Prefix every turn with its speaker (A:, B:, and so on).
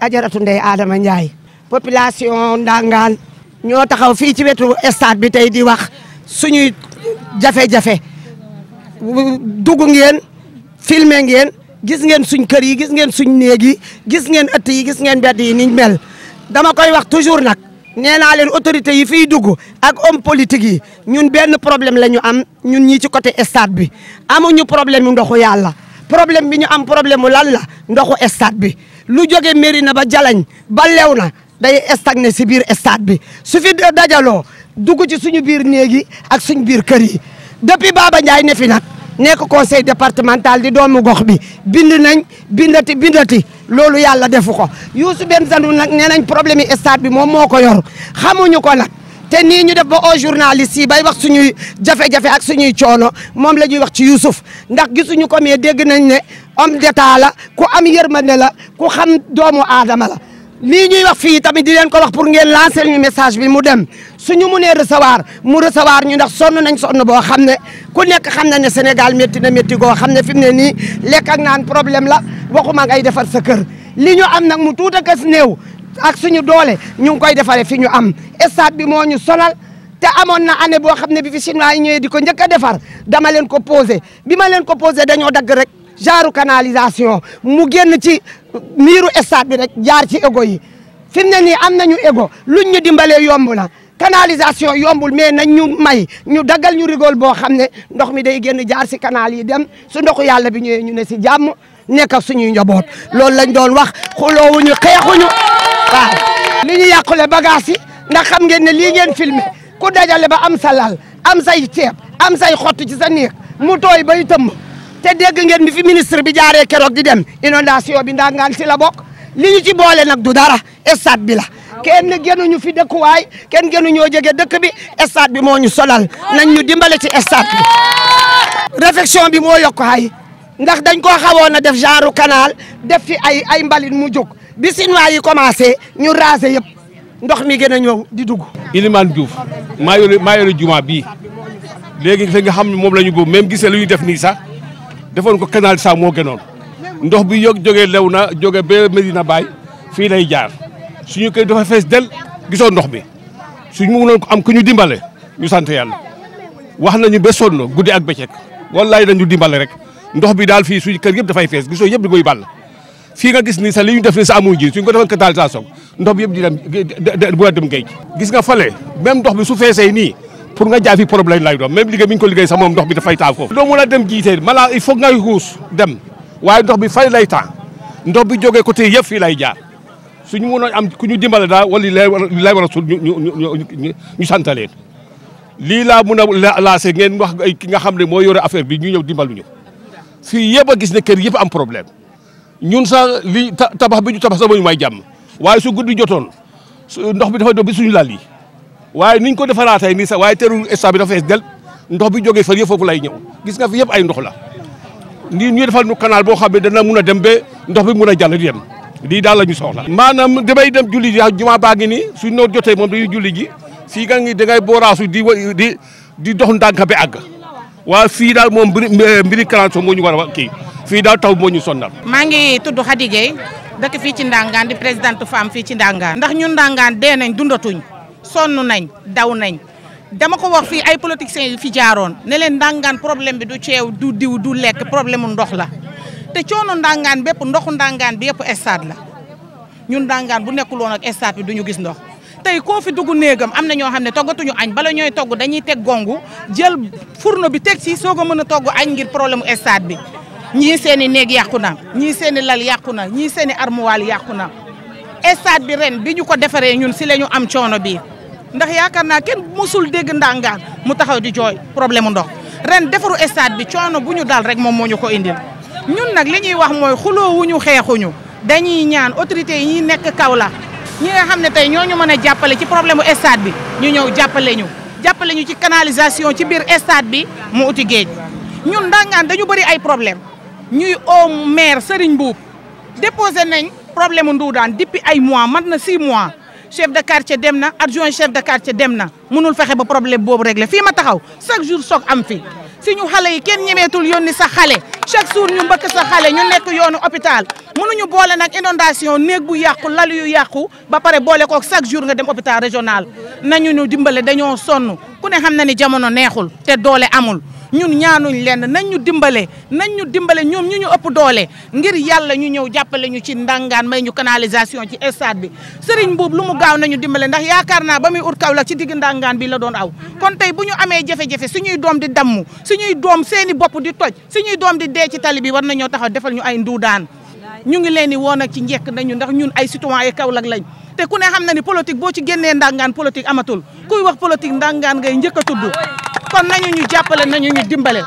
A: ajaratu ndey Adama Ndiaye population Ndangaan ñoo taxaw fii ci wetu stade bi tey di wax suñuy jafe-jafe dugg ngeen filmer ngeen gis ngeen suñ kër yi gis ngeen suñ néeg yi gis ngeen ëtt yi gis ngeen mbedd yi niñ mel dama koy wax toujours nag nee naa leen autorités yi fii dugg ak homme politique yi ñun benn problème la ñu am ñun ñii ci côté stade bi amuñu problème mu ndoxu yàlla problème bi ñu am problème mu lan la ndoxu stade bi lu jóge Mérina ba Jalañ ba lew na day stagné si biir stade bi su fi dajaloo dugg ci suñu biir néeg ak suñu biir kër yi depuis Baba Ndiaye ne fi nag nekk conseil départemental di doomu gox bi bind nañ bindati bindati loolu yàlla defu ko Youssou Bensanou nag nee nañ problème yi stade bi moom moo ko yor xamuñu ko nag te nii ñu def ba au journaliste yi bay wax suñuy jafe-jafe ak suñuy coono moom la ñuy wax ci Youssouf ndax gisuñu ko mais dégg nañ ne am d'état la ku am yermane la ku xam doomu aadama la lii ñuy wax fi tamit di len ko wax pour ngeen lancer ñu message bi mu dem suñu ne recevoir mu recevoir ñu ndax sonn nañ sonn bo xamne ku nekk xam na ne senegal metti na metti go xamne ne fi ne ni lek ak naan problème la waxuma ngay defar sa kër li ñu am nang mu tuuta kës neew ak suñu doole ñu koy defale fi ñu am stade bi moo sonal te amon na année bo xamne ne bi fi chinois ñëw di defar dama len ko poser bima len ko poser dañu dag rek genre canalisation mu génn ci miiru stade bi rek jaar ci égo yi fi mu ne nii am nañu égo luñ ñu dimbalee yomb na canalisation yombul mais nañ ñu may ñu daggal ñu rigol boo xam ne ndox mi day génn jaar si canal yi dem su ndoxu yàlla bi ñëwee ñu ne si jàmm nekk ak suñuy njaboot loolu lañ doon wax xuloowuñu xeexuñu waaw li ñu yàqule bagage yi ndax xam ngeen ne lii ngeen filmé ku dajale ba am sa lal am say ceeb am say xott ci sa néeg mu tooy bay tëmb te dégg ngeen bi fi ministre bi jaaree keroog di dem inondation bi ndangaan si la bokk li ci boole nag du dara stade bi la kenn ñu fi dëkkuwaay kenn ñoo jege dëkk bi stade bi moo ñu solal nañ ñu dimbale ci stade bi réfection bi moo yokk ay ndax dañ koo xawoon a def genre kanaal def fi ay ay mbalit mu jóg bi Sinoa yi commencé ñu raser yëpp
B: ndox mi gën a ñëw di dugg. Ilimane Diouf maa yore maa yore juma bii léegi xam ne moom la ñu boobu même gisee lu ñu def nii sax. defoon ko canal saa moo genoon ndox bi yog jógee lew na jóge ba Medina Baye fii lay jaar suñu kër dafa fees del gisoo ndox bi su mënoon ko am ku ñu dimbale ñu sant yàlla wax nañu ba sonn guddi ak bëccëg wallaay dañu dimbale rek ndox bi daal fii suñu kër yëpp dafay fees gisoo yëpp di koy ball fii nga gis ni sax li ñu def ni sa amuñ ji suñ ko defoon canal de ndox bi yëpp di dem bu dem géej gis nga fale même ndox bi su feesee nii pour nga jaafi problème lay doon même liggéey bi ñu ko liggéey sax moom ndox bi dafay taa foofu doo mën a dem jiite mala dem waaye ndox bi fay lay taa ndox bi jógee côté yëpp fii lay jaar suñu mënoon am ku ñu dimbale daal wala li war a suul ñu ñu ñu sant leen lii laa mun a lancé ngeen wax ki nga xam ne moo yore affaire bi ñu ñëw dimbalu ñu fii yëpp a gis ne kër yëpp am problème ñun sax li tabax bi ñu tabax sax ba ñu may jàmm waaye su guddi jotoon ndox bi dafa doon bi suñu lal yi waye niñ ko tay ni sa waye teerul estab bi da fess del ndox bi jógee fële fofu lay ñew gis nga fi yeb ay ndox la ni ñu defal nu canal bo xamne dana mëna dem be ndox bi mëna jall jàll di dem lañu soxla. manam damay dem julli ji ah, jumaa baa ngi nii suñ noo jotee moom julli ji fii ngi bo rasu di di di dox ndank ba ag wa fi dal mom mbiri mbiri canal moo ñu wara ki fi dal taw mo ñu sonnal.
C: ma ngi tuddu Khady dëkk fi ci Ndangaan di présidente femme fi ci Ndangaan. ndax ñun Ndangaan dé nañ dundatuñ sonn nañ daw nañ dama ko wax fii ay politiciens yu fi jaaroon ne leen ndàngaan problème bi du ceew du diw du lekk problème mu ndox la te coono ndàngaan bépp ndoxu ndàngaan bi yëpp stade la ñun ndàngaan bu nekkul woon ak stade bi duñu gis ndox tey koo fi dugg néegam am na ñoo xam ne toggatuñu añ bala ñooy togg dañuy teg gongu jël fourneau bi teg si soog a mën a togg añ ngir problème mu stade bi ñii seeni i néeg yàqu na ñii seeni lal yàqu na ñii seen i armoire yàqu na stade bi ren bi ñu ko defaree ñun si la ñu am coono bi ndax yaakaar naa kenn mosul dégg Ndangaan mu taxaw di jooy problème mu ndox ren defaru stade bi coono bu ñu dal rek moom moo ñu ko indil ñun nag li ñuy wax mooy xuloowuñu xeexuñu dañuy ñaan autorité yi ñuy nekk Kaolack ñi nga xam ne tey ñoo ñu mën a jàppale ci problème mu bi ñu ñëw jàppale ñu jàppale ñu ci canalisation ci biir stade bi mu uti géej ñun Ndangaan dañu bëri ay problème ñuy au maire Serigne Mbuub déposé nañ problème mu daan depuis ay mois mat na 6 mois chef de quartier dem na adjoint chef de quartier dem na mënul fexe ba problème boobu réglé fii ma taxaw chaque jour soog am fi si ñu xale yi kenn ñemeetul yónni sa xale chaque jour ñu mbëkk sa xale ñu nekk yoonu hôpital ñu boole nag inondation néeg bu yàqu lal yu yàqu ba pare boole kook chaque jour nga dem hôpital régional nañu ñu dimbale dañoo sonn ku ne xam na ni jamono neexul te doole amul ñun ñaanuñ lenn nañ ñu dimbale nañ ñu dimbale ñoom ñu ñu ëpp doole ngir yàlla ñu ñëw jàppale ñu ci ndàngaan may ñu canalisation ci stade bi Serigne Mbuub lu mu gaaw nañu dimbale ndax yaakaar naa ba muy ut kaw ci digg ndàngaan bi la doon aw kon tey bu ñu amee jafe-jafe suñuy doom di damm suñuy doom seeni bopp di toj suñuy doom di dee ci tali bi war nañoo taxaw defal ñu ay nduudaan ñu ngi leen di woon ak ci njekk nañu ndax ñun ay citoyen ay Kaolack lañ te ku ne xam na ni politique boo ci génnee ndàngaan politique amatul kuy wax politique ndàngaan ngay njëkk a kon nañu ñu ñu jàppale nañu ñu dimbale